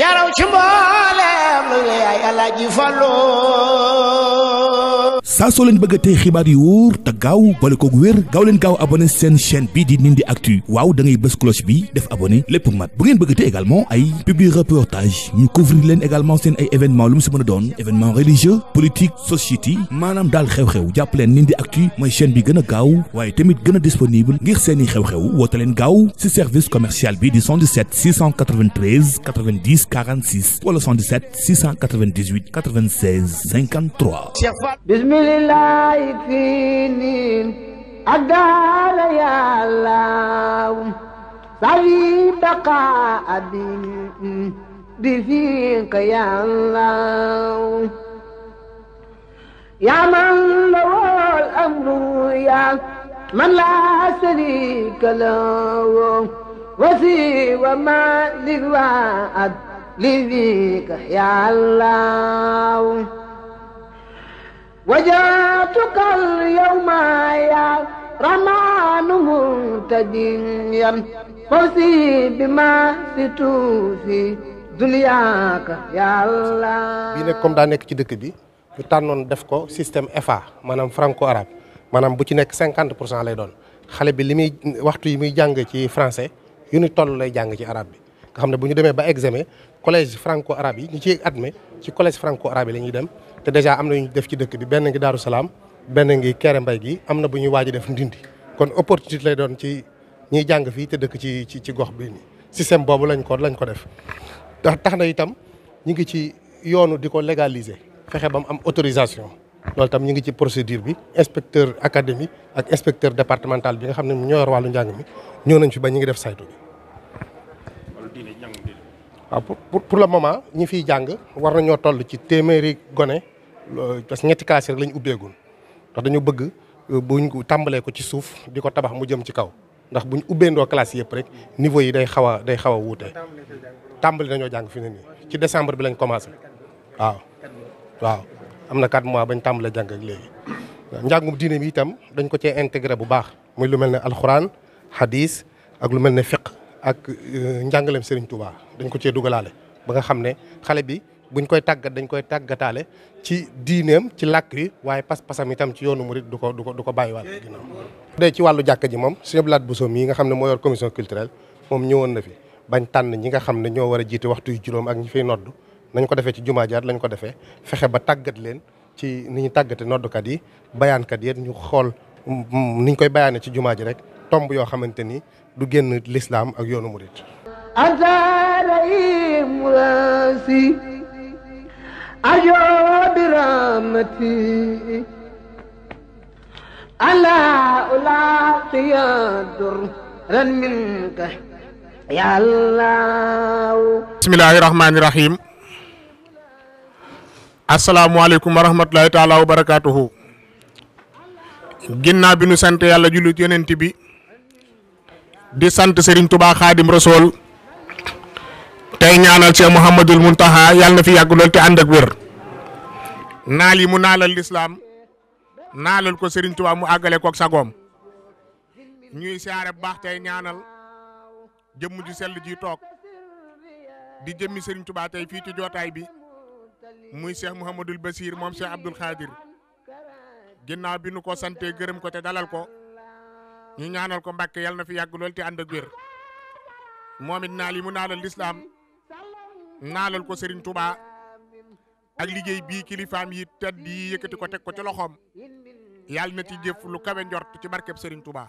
yaraw ci mbooleem lu yaay Alaaji Fallu saa soo leen bëgg tey xibaar yu wóor gaaw boole koog wér gaaw leen gaaw abonné seen chaîne bii di Ndindy Actu waaw da ngay bës cloche bi def abonné lépp mat bu ngeen bëgg a tey également ay publi reportage ñu couvrir leen également seen ay événement lu si mën a doon événement religieux politique société maanaam daal xew-xew jàpp leen Ndindy Actu mooy chaîne bi gën a gaaw waaye tamit gën a disponible ngir seen i xew-xew woote leen gaaw si service commercial bi di 77 693 90 46 wala 77 698 96 53. bilillah fii niin ak daara yàllaaw sawi baqa bi fiika yàllaaw yaa man lawol amru yaa man laa sharika lahu wasi wa ma li waa ab li fiika yàllaaw وجاتك اليوم يا رمان منتجيا فوزي بما ستوفي دنياك يا الله bii nag comme daa nekk ci dëkk bi ñu tànnoon def ko système FA maanaam franco arabe maanaam bu ci nekk cinquante pour cent lay doon xale bi li muy waxtu yi muy jàng ci français yu ni toll lay jàng ci arabe bi nga xam ne bu ñu demee ba examen collège franco arabe yi ñu ciy admet ci collège franco arabe yi la ñuy dem te dèjà am na ñu def ci dëkk bi benn ngi Daaru Salaam benn ngi Kéré Mbay gi am na bu ñuy waaj def ndindi kon opportunité lay doon ci ñiy jàng fii te dëkk ci ci ci gox bi ni système boobu lañ ko lañ ko def tax tax na itam ñu ngi ci yoonu di ko légaliser fexe ba mu am autorisation loolu tam ñu ngi ci procédure bi inspecteur académique ak inspecteur départemental bi nga xam ne ñoo yor wàllu njàng mi ñëw nañ fi ba ñu ngi def saytu bi pour pour le moment ñi fiy jàng war nañoo toll ci téeméeri gone parce que ñetti classe rek lañ ubbeegul ndax dañu bëgg euh, buñ tàmbalee ko ci suuf di ko tabax mu jëm ci kaw ndax buñ ubbeendoo classe yëpp rek niveau yi day xaw a day xaw a wuute. tàmbali nañoo jàng fi ne nii ci décembre bi lañ commencé waaw waaw am na 4 mois bañ tàmbalee jàng ak léegi. njàngum diine mi itam dañ ko cee intégré bu baax muy lu mel ne alxuraan hadis ak lu mel ne fiq ak euh, njàngaleem Serigne Touba dañ ko cee dugalaale ba nga xam ne xale bi. buñ koy tàggat dañ koy tàggataale ci diineem ci làkk yi waaye pas-pasam tam ci yoonu murit du ko du ko du ko bàyyiwaat ginnaaw. dee ci wàllu jàkka ji moom suñu blaat Bousso mii nga xam ne moo yor commission culturelle moom ñëwoon na fi bañ tànn ñi nga xam ne ñoo war a jiite waxtu yu juróom ak ñi fiy nodd nañ ko defee ci jumaa jaar lañ ko defee fexe ba tàggat leen ci ni ñu tàggate noddukat yi bayaankat yi ñu xool mm, niñ koy bayaane ci jumaa ji rek tomb yoo xamante ni du génn lislaam ak yoonu murit أجوا برامتي ألا ألاقي درا منك يا الله بسم الله الرحمن الرحيم asalaamualeykum wa rahmatulahi taala wa barakaatuhu bi nu sant yàlla jullit yonent bi di sant Serigne Touba Xaadim Rasool tey ñaanal Cheikh Mouhamadul Muntaha yàlla na fi yàgg lool te ànd ak wér naal yi mu naalal lislaam naalal ko sëriñ Touba mu àggale koog sagoom ñuy siyaare bu baax tey ñaanal jëmm ju sell ji toog di jëmmi Serigne Touba tey fii ci jootaay bi muy Cheikh Mouhamadul Basir moom Cheikh Abdoul Khadir ginnaaw bi nu ko sante gërëm ko te dalal ko ñu ñaanal ko Mbàkke yàlla na fi yàgg lool te ànd ak wér moom it naal yi mu naalal lislaam naalal ko Serigne tubaa ak liggéey bii kilifaam yi tedd yi yëkkati ko teg ko ci loxoom yàlla na ci jëf lu kawe njort ci barkeb sëriñ tubaa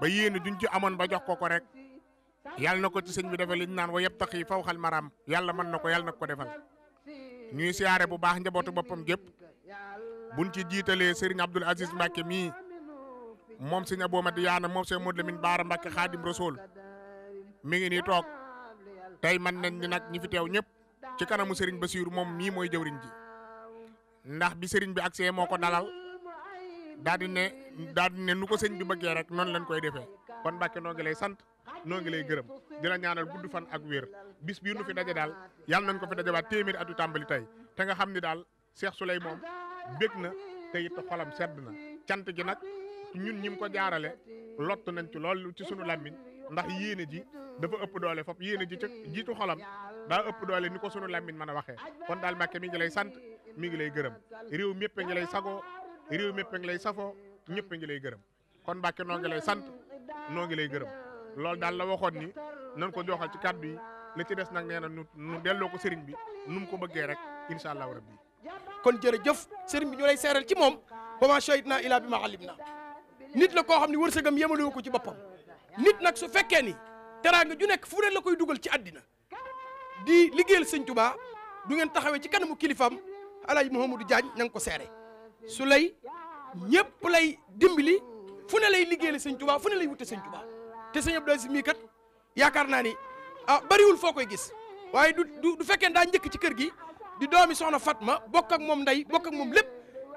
ba yéene duñ ci amoon ba jox ko ko rek yàlla na ko ci sëñ bi defal liñ naan wa yëpp tax yi faw xal maram yàlla mën na ko yàlla na ko defal ñuy siyaare bu baax njabootu boppam gépp buñ ci jiitalee Serigne Abdoul Aziz Mbacke mii moom sëñ di Madiyaana moom sëñ Modou Lamine Baara Mbacke Xaadim Rasool mi ngi nii toog. tey man nañ ni nag ñi fi teew ñëpp ci kanamu sëriñ Basiiru moom mii mooy jëwriñ ji ndax bi sëriñ bi agsee moo ko dalal daal di ne daa di ne nu ko sëñ bi bëggee rek noonu lañ koy defee kon Mbàkke noo lay sant noo ngi lay gërëm di la ñaanal gudd fan ak wér bis bii nu fi daje daal yàlla nañ ko fi dajabaat téeméeri atu tàmbali tey te nga xam ni daal Cheikh Souley moom bég na te it xolam sedd na cant ji nag ñun ñi ko jaarale lott nañ ci lool ci sunu làmmiñ ndax dafa ëpp doole fop yéen a ji ca jiitu xolam daa ëpp doole ni ko sunu làmmiñ man a waxee kon daal Mbàkke mi ngi lay sant mi ngi lay gërëm réew mépp a ngi lay sagoo réew mépp a ngi lay safoo ñëpp a ngi lay gërëm kon Mbàkke noo ngi lay sant noo ngi lay gërëm loolu daal la waxoon ni nan ko joxal ci kàddu yi la ci des nag nee na nu delloo ko sëriñ bi nu mu ko bëggee rek incha allahu rabbi kon jëf sëriñ bi ñu lay seeral ci moom wama na ila bi ma alim na nit la koo xam ne wërsëgam yemalewu ko ci boppam nit nag su fekkee ni teraanga ju nekk fu ne la koy dugal ci addina di liggéeyal sëñ Tuubaa du ngeen taxawee ci kanamu kilifaam Alaaji Mouhamadou du jaañ nga ko seere su lay ñëpp lay dimbali fu ne lay liggéeyal sëñ Tuubaa fu ne lay wute sëñ Tuubaa te sëñ Abdou Aziz mii kat yaakaar naa ni ah, bariwul foo koy gis waaye du du fekkee njëkk ci kër gi di doomi soxna Fatma bokk ak moom ndey bokk moom lépp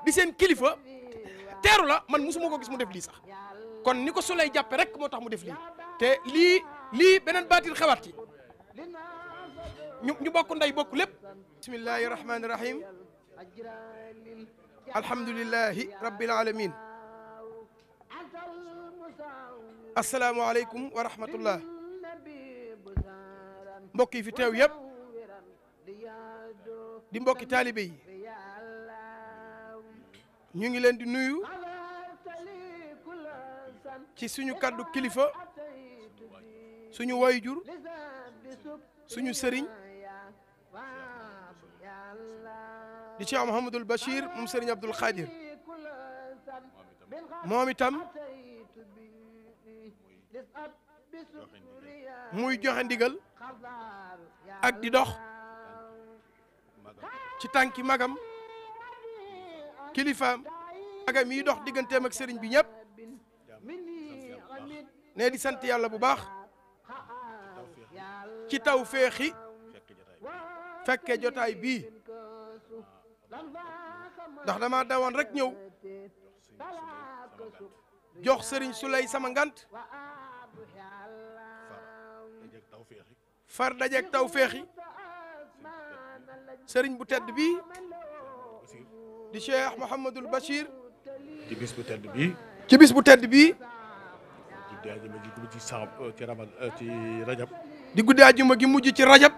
di seen kilifa teeru la man mosuma ko gis mu def lii sax kon ni ko su lay jàppe rek moo tax mu def lii te lii lii beneen baatin xewaat ci ñu bokk nday bokk lépp bismillahi rahmani rahim alhamdulilahi rabbil alamin asalaamualeykum wa rahmatullah mbokk yi fi teew yëpp di mbokki taalibe yi ngi leen di nuyu ci suñu kaddu kilifa suñu wayjur suñu sëriñ di Cheikh Mouhamadul Bachir sëriñ Abdoul Khadir moom itam muy joxe ndigal ak di dox ci tànki magam kilifaam magam yi dox digganteem ak sëriñ bi ñëpp ne di sant yàlla bu baax. ci taw féexi fekke jotaay bii ndax dama dawoon rek ñëw jox sëriñ Suley sama ngant far dajeeg taw féexi sëriñ bu tedd bi di Cheikh Mouhamadul Bachir ci bu tedd bii ci bis bu tedd bi ci rajab di guddi àjjuma gi mujj ci rajab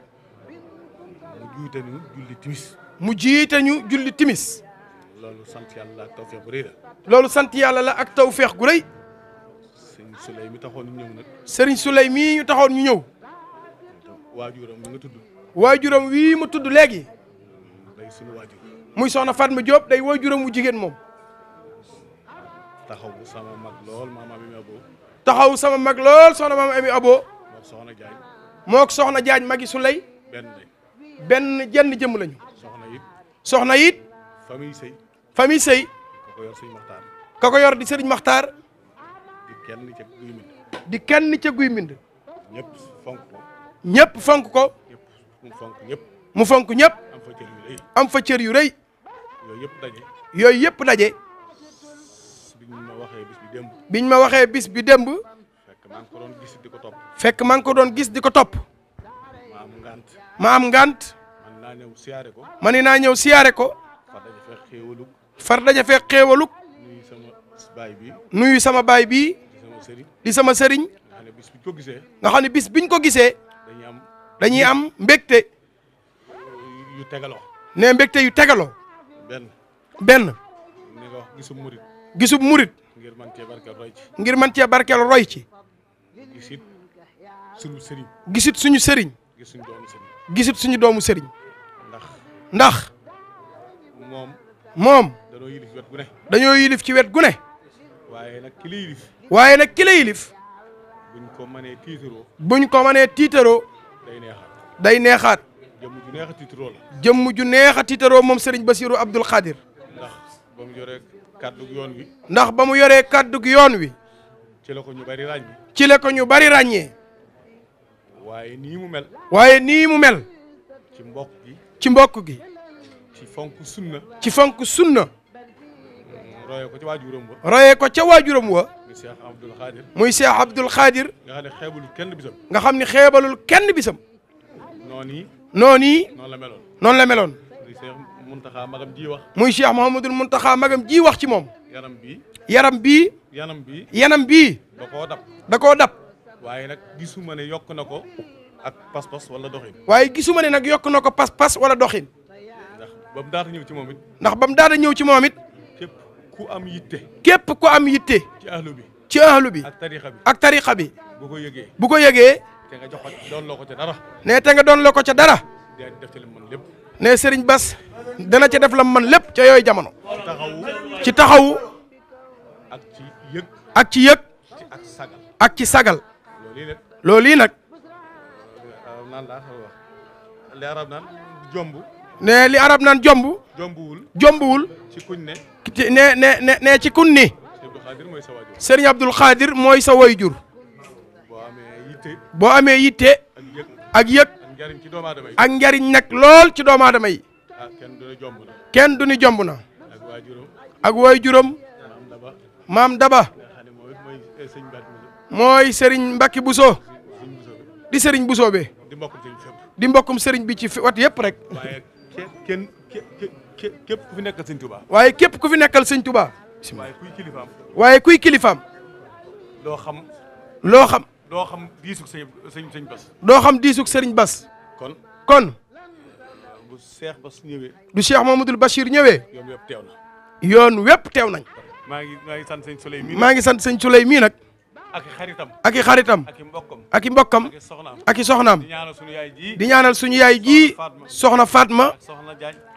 mu jiite ñu julli timis. mu jiite ñu julli timis. loolu sant yàlla la ak tawfeex gu rëy la. loolu sant la ak tawfeex gu sëriñ Serigne mi taxoon ñu ñëw nag. Serigne Souley mii ñu taxoon ñu ñëw. waajuram mi nga tudd. waajuram wii mu tudd léegi. day sunu waajur. muy soxna Fatma Diop day waajuram wu jigéen moom. taxaw sama mag lool maam Ami Abo. taxaw sama mag lool soxna maam Ami Abo. moog soxna Diagne. mook soxna Jaañ magi su benn jenn jëmm lañu soxna it famille sëy famille ka ko yor di sëriñ maxtaar di kenn ca guy mbind di kenn ca guy mbind fonk ko ñëpp mu fonk ñëpp mu fonk ñëpp am fa yu rëy yooyu yëpp daje yooyu yëpp daje biñ ma waxee bis bi démb biñ ma waxee bis bi démb maa ngi ko di ko topp. fekk maa ngi ko doon gis di ko topp. ma am ngant. ma am ngant. man naa ñëw siyaare ko. ma ni naa ñëw siyaare ko. far daja fekk xéewalug. far daja fekk xéewalug. nuyu sama baay bi. nuyu di sama sëriñ. nga xam ne bis biñ ko gisee. nga biñ ko gisee. dañuy am dañuy am mbégte. yu tegaloo. ne mbégte yu tegaloo. benn benn. ni nga wax gisub murit. gisub murit. ngir man cee barkeel roy ngir man cee barkeel roy ci. gisit suñu sëriñ. gisit suñu sëriñ. gisit suñu doomu sëriñ. ndax. ndax. moom. moom. dañoo yilif wet gu ne. dañoo yilif ci wet gu ne. waaye nag ki yilif. waaye nag ki la buñ ko mënee tiitaroo. buñ ko mënee tiitaroo. day neexaat. day neexaat. jëmm ju neex a tiitaroo jëmm ju neex a tiitaroo moom sëriñ Basiru Abdul Xaadir. ndax ba mu yoree kàddu yoon wi. ndax ba mu yoree kàddu yoon wi. ci la ñu bari ràññee. ci la ñu bari ràññee. waaye nii mu mel. waaye nii mu mel. ci mbokk gi. ci mbokk gi. ci fonk sunna. ci fonk sunna. Mm, royee ko ca waajuram wa. royee ko ca waajuram wa. muy Cheikh Abdoul Khadir. nga xam ne xeebalul kenn bisam. nga xam ni xeebalul kenn bisam. noonu yi. noonu la meloon. noonu la meloon. Muntaxa magam ji wax. muy Cheikh Mouhamadul Muntaxa magam ji wax ci moom. yaram bii. yaram bi yanam bi yanam ko da koo dab. da koo dab. waaye nag gisuma ne yokk na ko ak pas-pas wala doxin. waaye gisuma ne nag yokk na ko pas-pas wala doxin. ndax ba mu daata ñëw ci ndax ba mu daata ñëw ci moom it. képp ku am yitte. képp ku am yitte. ci ahlu bi. ci ahlu bi. ak tariqa bi ak tariqa bi. bu ko yëgee bu ko yëgee. te nga jox ko ne te doon loo dara. ne Serigne Bass. dana ca def lam man lépp ca yooyu jamono ci taxawu ak ci yëg ak ci sagal loolu yi nag euh, li arab naan jomb ne li arab naan jomb jombuwul jombuwul ci kuñ ne ne ci kun ni sëriñ Abdul Xaadir mooy sa wayjur boo amee yitte ak yëg ak njariñ nag lool ci doomu aadama yi kenn du ni jomb na ak waay juróom maam daba mooy sëriñ Mbacke Bousso di sëriñ Bousso be di mbokkum sëriñ bi ci wat yëpp rek képp fi nekkal sëñ waaye képp ku fi nekkal sëñ Touba. waaye kuy kilifaam. xam. loo xam. doo xam diisug sëñ sëñ Bas. doo xam diisug sëriñ Bas. kon. bu Cheikh Bass ñëwee. du Cheikh Mamadou Bachir ñëwee. yoon wépp teew na. yoon wépp teew nañ. maa ngi maa ngi sant sëñ Souley maa ngi sant sëñ Souley mii nag. ak i xaritam ak i xaritam ak i mbokkam ak i soxnaam di ñaanal suñu yaay ji soxna Fatma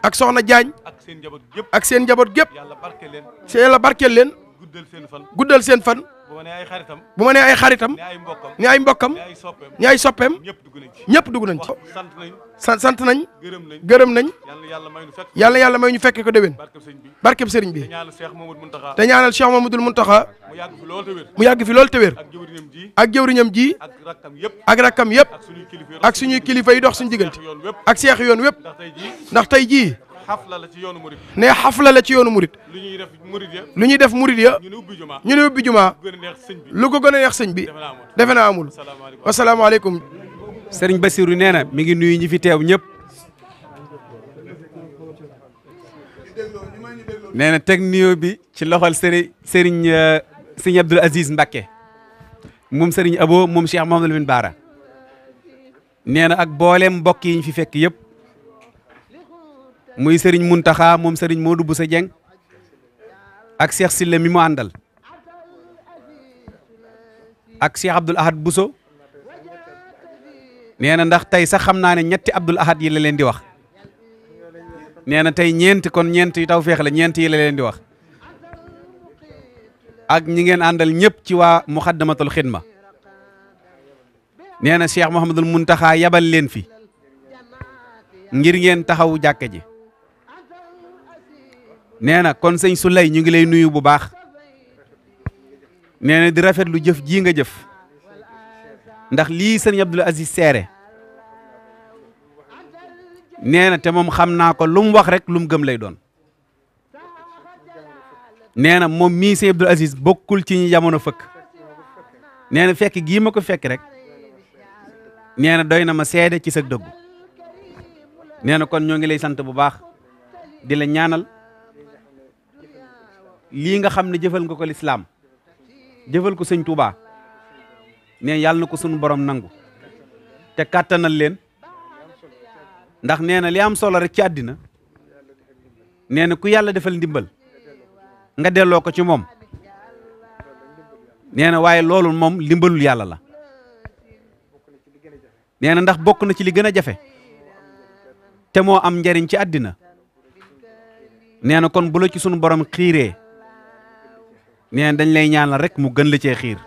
ak soxna jaañ ak seen njaboot gépp yàlla barkeel leen guddal seen fan guddal seen fan bu ma nee ay xaritam ni ay mbokkam ni ay soppeem ñëpp dugg nañ ci. sant sant nañ gërëm nañ yàlla yàlla may ñu fekke ko déwén barkeb sëriñ bi te ñaanal Cheikh Mamadou Mountakha mu yàgg fi lool te wér ak jëwriñam ji ak rakkam yëpp ak suñuy kilifa yi dox suñu diggante ak seex yoon wépp ndax tey jii. xafla la ci yoonu murid ne xafla la ci yoonu murid lu ñuy def murid ya lu ñuy def murid ya ñu ne ubbi jumaa ñu ne ubbi jumaa lu ko gën a neex sëñ bi defe naa amul wasalaamaaleykum sëriñ Basiru nee na mi ngi nuyu ñi fi teew ñëpp nee na teg bi ci loxol sëriñ sëriñ euh, sëriñ Abdoul Aziz Mbacké moom sëriñ Abo moom Cheikh Mahamadou Lamine Bara nee na ak booleem mbokk yi ñu fi fekk yëpp muy Serigne Mountakha moom Serigne Modou busa Dieng ak seex Silla mi mu àndal ak Cheikh Abdoul Ahad Bousso nee na ndax tey sax xam naa ne ñetti Abdoul Ahad yi la leen di wax nee na tey ñeenti kon ñeent yu taw feex la ñeent yi la leen di wax ak ñi ngeen àndal ñëpp ci waa Muxaddamatul Xidma nee na Cheikh Mouhamadul Mountakha yabal leen fi ngir ngeen taxawu jàkka ji nee na kon sëñ Souley ñu ngi lay nuyu bu baax nee na di rafet lu jëf jii nga jëf ndax lii sëñ Abdoul Aziz seere nee na te moom xam naa ko lu wax rek lu mu gëm lay doon nee na moom mii sëñ Abdoul bokkul ci ñi jamono fëkk nee na fekk gii ma ko fekk rek nee na doy na ma seede ci sa dëggu nee na kon ñoo ngi lay sant bu baax di la ñaanal lii nga xam ne jëfal nga ko lislaam jëfal ko sëñ Touba nee yàlla na ko sunu borom nangu te kàttanal leen ndax nee na li am solo rek ci àddina nee na ku yàlla defal ndimbal nga delloo ko ci moom nee na waaye loolu moom ndimbalul yàlla la nee na ndax bokk na ci li gën a jafe te moo am njariñ ci àddina nee na kon bu ci sunu borom xiiree nee na dañ lay ñaanal rek mu gën la cee xiir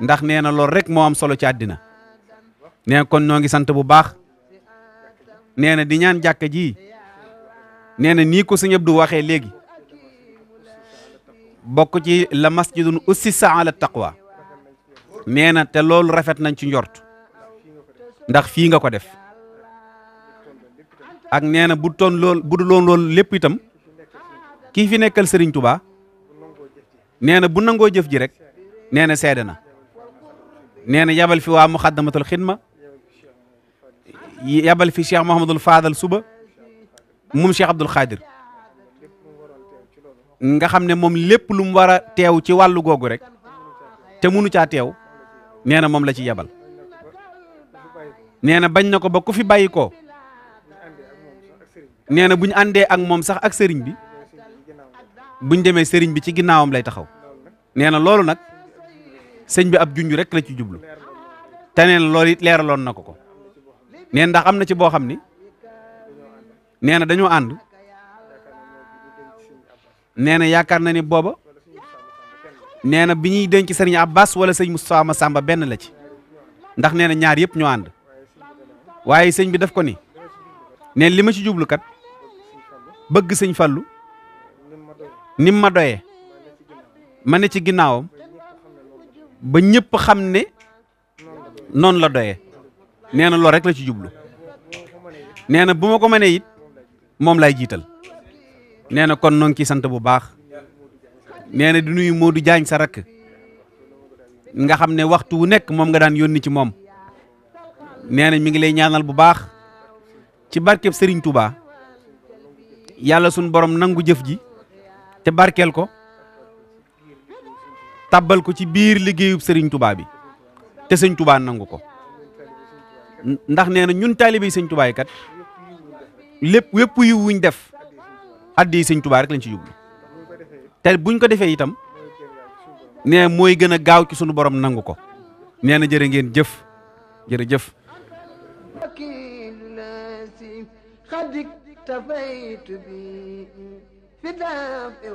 ndax nee na loolu rek moo am solo ci àddina nee kon ñoo ngi sant bu baax nee na di ñaan jàkka ji nee na nii ko sëñ du waxee léegi bokk ci la masjidun ussisa ala taqwa nee na te loolu rafet nañ ci njort ndax fii nga ko def ak nee na bu toon lool bu du lépp itam kii fi nekkal Serigne Touba nee na bu nangoo jëf ji rek nee na seede na nee na yabal fi waa muxaddamatul xidma yabal fi cheikh Mouhamadul faadal suba moom cheikh Abdoul Khadir nga xam ne moom lépp lu mu war a teew ci wàllu googu rek te munu caa teew nee na moom la ci yabal nee na bañ na ko ba ku fi bàyyi ko nee na bu àndee ak moom sax ak sëriñ bi. buñ demee sëriñ bi ci ginnaawam lay taxaw nee na loolu nag sëñ bi ab junj rek la ci jublu te nee na loolu it leeraloon na ko ko nee ndax am na ci boo xam ni nee na dañoo ànd nee na yaakaar na ni booba nee na bi ñuy denc sëriñ Abbas wala sëñ Moustapha sàmba benn la ci ndax nee na ñaar yëpp ñu ànd waaye sëñ bi def ko ni nee li ma ci jublu kat bëgg sëñ Fallu nim ma doyee ma ne ci ginnaawam ba ñëpp xam ne noonu la doye nee na loolu rek la ci jublu nee na bu ma ko mënee it moom lay jiital nee na kon noo ngi ciy sant bu baax nee na di nuyu Modou Diagne sa rakk nga xam ne waxtu wu nekk moom nga daan yónni ci moom nee na mi ngi lay ñaanal bu baax ci barkeb Serigne Touba yàlla sunu borom nangu jëf ji te barkeel ko tabbal ko ci biir liggéeyub sëriñ tubaa bi te sëñ tubaa nangu ko ndax nee na ñun taalibe yi sëñ tubaa kat lépp wépp yu wuñ def addi sëñ tubaa rek lañ ci jublu te buñ ko defee itam nee mooy gën a gaaw ci sunu borom nangu ko nee na jërë ngeen jëf jërëjëf خد اكتفيت بي في الدفء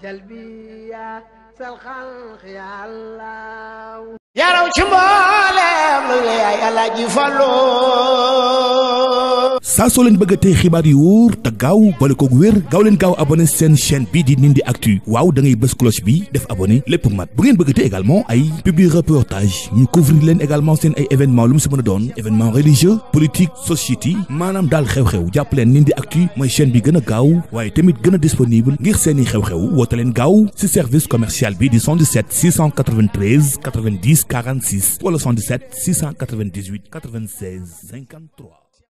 والجلبية سالخلق يا الله يا روش مولى يا الله جفلو saa soo leen bëgg a xibaar yu wóor te gaaw boole koog wér gaaw gaaw abonné seen chaîne bii di Ndindy Actu waaw da ngay bës cloche bi def abonné lépp mat bu ngeen bëgg te également ay publi reportage ñu couvrir leen également seen ay événement lu mu si mën a doon événement religieux politique société maanaam daal xew-xew jàpp leen Ndindy Actu mooy chaîne bi gën a gaaw waaye tamit gën a disponible ngir seeni xew-xew woote leen gaaw si service commercial bi di 77 693 90 46 wala